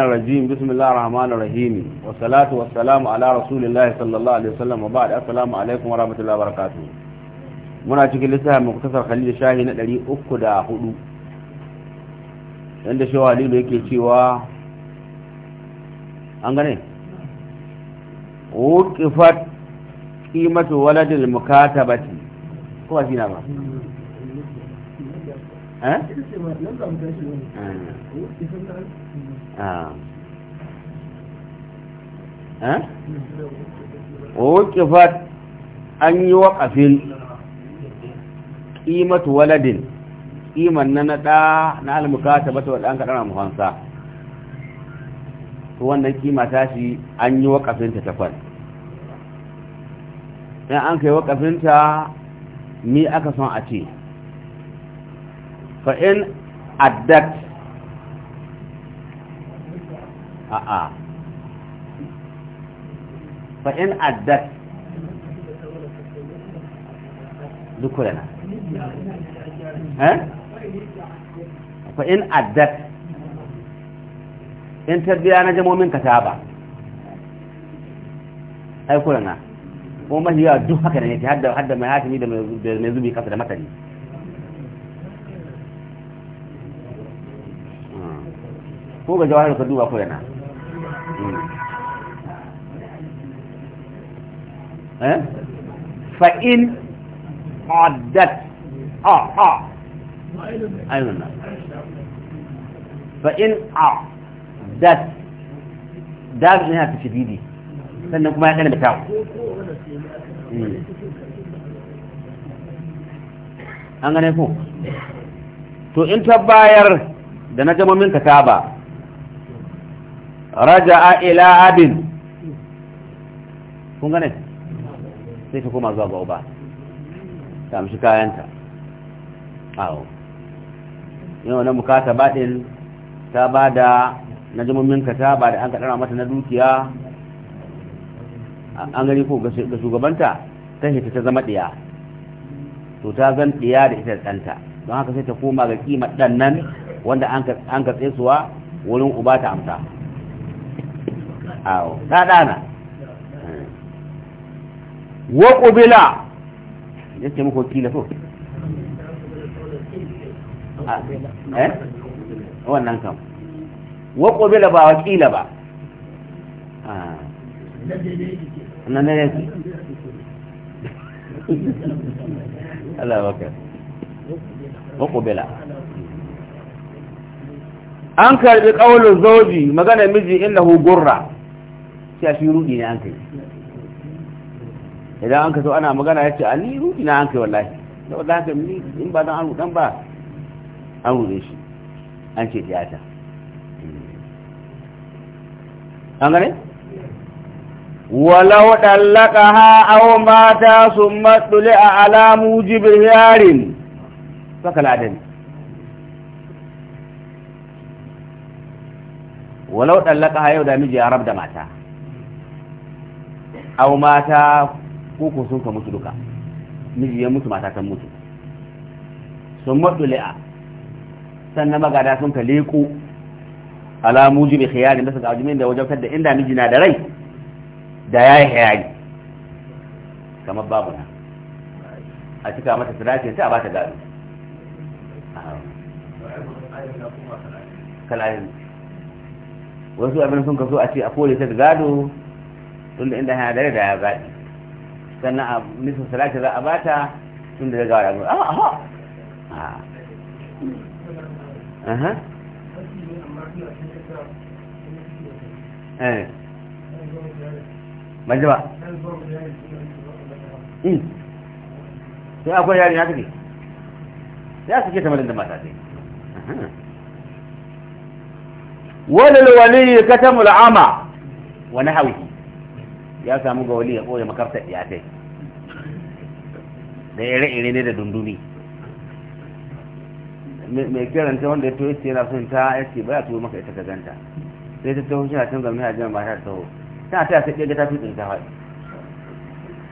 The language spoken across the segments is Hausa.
الرجيم بسم الله الرحمن الرحيم والصلاة والسلام على رسول الله صلى الله عليه وسلم وبعد السلام عليكم ورحمة الله وبركاته muna cikin littafin muktasar khalil shahi na 304 inda shewa halilu yake cewa an gane waladil mukatabati shi ba Eh? Ah. Eh? wakifat an yi waƙafin ƙimatu waladin ƙiman na naɗa na almukata bata wadda an kaɗa muhansa to wannan ƙima ta shi an yi waƙafinta takwas in an kai waƙafinta ni aka son a ce فإن أدت آه. آه. فإن أدت ذكرنا ها فإن أدت إن تربية أنا جمو من كتابة أي كلنا وما هي دوحة كنا يعني نتحدى حد ما ياتي ميدا ميزوبي قصد مثلي ko ga jawahir ka duba ko yana fa'in addat a a ayyuna fa'in a dat dat ne ta shididi sannan kuma ya kana da tawo an gane ko to in ta bayar da na jamomin ta ba a ila abin kun gane sai ta koma zuwa ga uba ta amshi kayanta awo yin wani mukata baɗin ta ba da na jimominka ta ba da an kaɗara mata na dukiya an gani ko ga shugabanta ta hita ta zama ɗiya to ta zan ɗiya da ita da ɗanta don haka sai ta koma ga kima ɗannan wanda an ka wurin uba ta amsa awo ɗaɗana wa ƙubila ya ce muku kila so eh wannan kam ba wa kila ba nan ne yake Allah baka an karbi ƙaunin zoji magana miji innahu gurra ya shi rudi ne an kai idan an ka so ana magana ya ce a ni rudi na an kai wallahi da wallahi haka ni in ba don an rudan ba an rude shi an ce tiyata an gane walau ha aw mata matsuli a alamu jibir yarin saka adami walau dallaka yau da miji ya rab da mata au mata ko ko sun ka mutu duka miji ya mutu mata ta mutu sun le'a. sannan magada sun ka leko Alamu jibi khiyari masu ga ajimin da wajabtar da inda miji na da rai da ya yi khiyari kamar babu na a cika mata sirati sai a bata gado kalayin wasu abin sun kaso a ce a kore ta gado tunda inda hana da da ya zaɓi sannan a nisa salati za a bata tunda da gawa ah, ah aha eh ji ba hmm. sai akwai yari na tamarin da mata wani wani hauki ya samu ga wali ya ɓoye ya iyatai da ya ra'ire ne da dundumi mai kiranta wanda ya toye tsira son ta ya ba ya tuwo maka ita ka ganta sai ta taho shi a a jiran ba ta taho ta ta ta ɗaya ta tutsin ta haɗi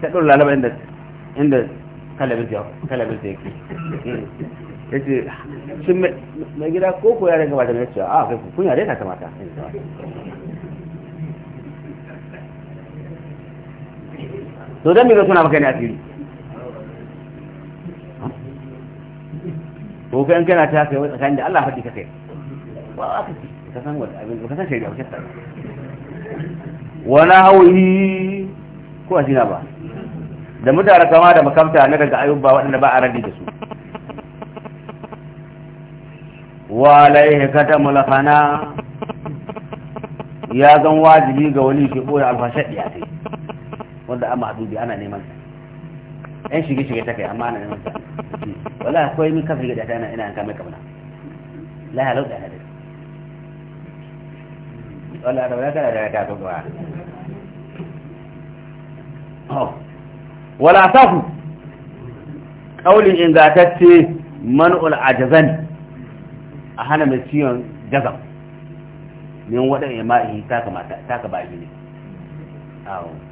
ta ɗora lalaba inda inda kalabin ta yake ya ce shi mai gida ko ta ya ta ta mai cewa a ah, kai kunya dai ta kamata to don me ga suna maka ne asiri ko kai an kana ta kai wai tsakanin da Allah haɗi ka kai ba ka ka san abin ka san shari'a ka wala hawi ko asina ba da mutara kama da makamta na daga ayyuba waɗanda ba a radi da su walaihe kata mulafana ya zan wajibi ga wani shi ɓoye alfashar ɗiya sai wanda an mahdubi ana neman yan shige shige ta kai amma ana neman wala akwai min kafin da ta ina an kame kamna la halau da hadari wala da wala da ta to ba oh. wala sahu kaulin ingatacce man'ul ajazan a hana mai ciwon gazan min waɗanda ya ma'i ta kamata ta ka ba ne awo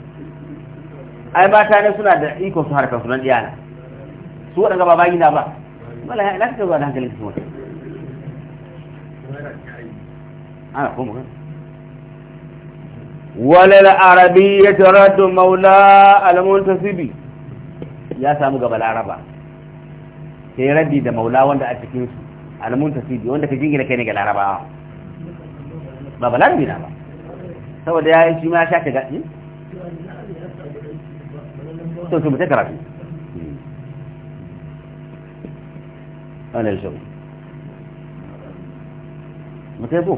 ai mata ne suna da ikon su harkar su diyana su waɗanda ba bayi na ba wala ya ilaka zuwa da hankalin su wata ana kuma kan walal arabi ya taraddu maula al'amunta sibi ya samu gaba laraba yi raddi da maula wanda a cikin su al'amunta sibi wanda ka jingina kai ne ga laraba ba balarabi na ba saboda ya yi shi ma ya sha ta gaɗi to su mutai karatu ana yi shau mutai ko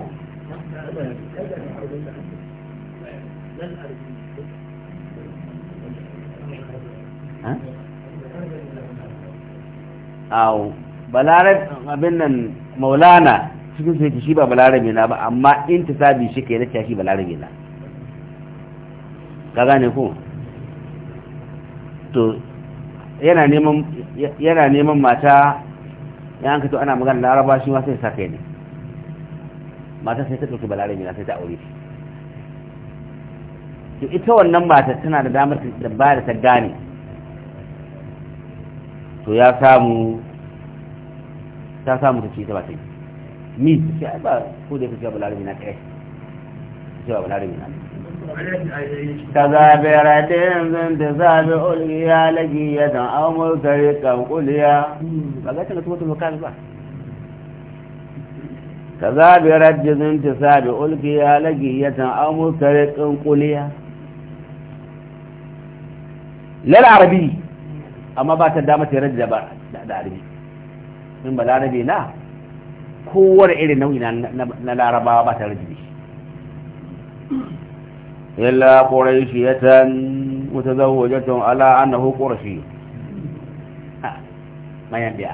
awo balarabe abin nan maulana cikin su yake shi ba balarabe na ba amma in ta sabi shi ka yi na shi balarabe na ka gane ko to yana neman yana neman mata ya an kato ana magana laraba shi ma sai sa kai ne mata sai ta ɗauki balarabi na sai ta aure to ita wannan mata tana da damar da ba da ta gane to ya samu ta samu ta ta ba ni sai ba ko da ya fi cewa balarabi na kai cewa balarabi na kai كذابرة بنت سابع ألقيا لقية أو ملكرقا قليا بقيت نسوة الوكالة بقى كذابرة بنت سابع ألقيا لقية أو ملكرقا قليا للعربي أما بات الدامة رجل بقى da arabi in ba larabe na kowar irin nau'i na larabawa ba ta rajibi إلا قريشية متزوجة على أنه قرشي ما ينبيع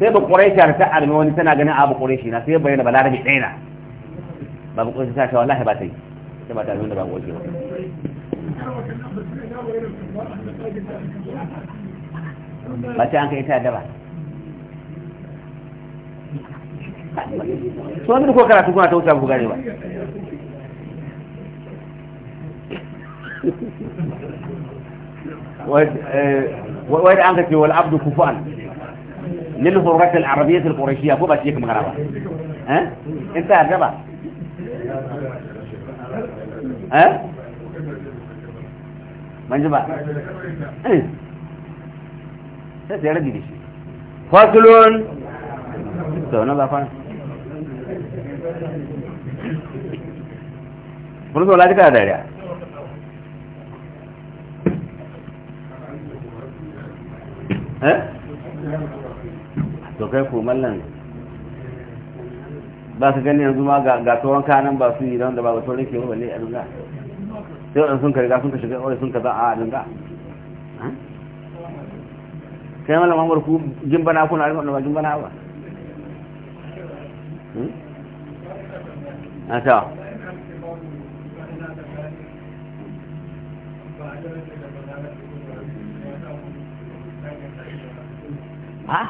sai ba ƙurai ta ta armi wani tana ganin sai bayyana ba larabi ɗaya na ba ba ƙurai ta ce wallahi ba ta yi sai ba ta armi da ba ƙurai ba ba ta an ba ta wuce وإذ هو العبد كفان للهرة العربية القريشية فوق أشيك مغربة ها انت جبا ها من جبا ايه سيارة دي بشي فاصلون سونا بافان فرصو لا طيب، تكاد داريا eh to kai ko ba su gani yanzu ma ga tsohon kanan ba su yi don da ba ba tsohon ke wale a dunga sai wadanda sun karga sun ka shiga wadanda sun ka za a dunga eh? kai mala mamar ku jin bana kuna alifar da ba jin bana ba hmm? a ah, ha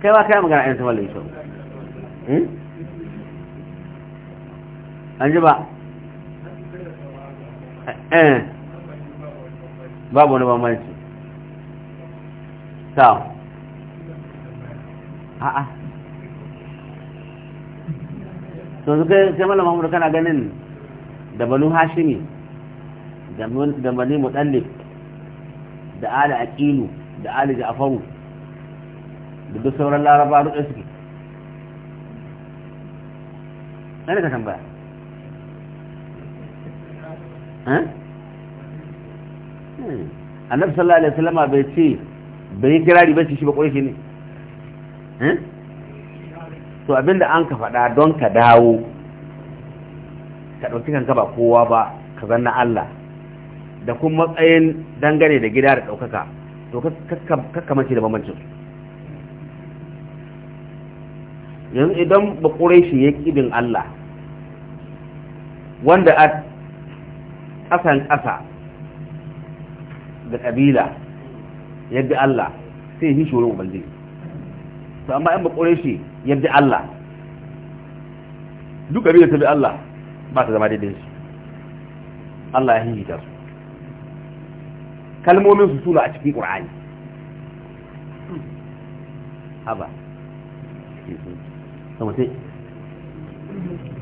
kai ba kai magana yan samalin shi an ji ba eh. babu wani bambanci ta a'a sun suka kai malama mutu kana ganin da banu hashimi da bani mutallif da ala aqilu da ali ja'faru da duk sauran laraba duk suke ɗan ka tambaya eh? hmm. annabi sallallahu alaihi wasallama bai ce bai yi kirari ba shi ba ƙwarshi ne eh? to abinda an ka faɗa don ka dawo ka ɗauki kanka ba kowa ba ka zanna Allah da kuma matsayin dangane da gida da ɗaukaka to kakka mace da bambancin su yanzu idan ba shi ya kidin Allah wanda a ƙasan ƙasa da ƙabila yadda Allah sai ya yi shi wurin ubalde to amma yan ba shi yadda Allah duk ƙabila ta bi Allah ba ta zama daidai shi Allah ya hihita su kalmomin su suna a cikin ƙur'ani haba sama sai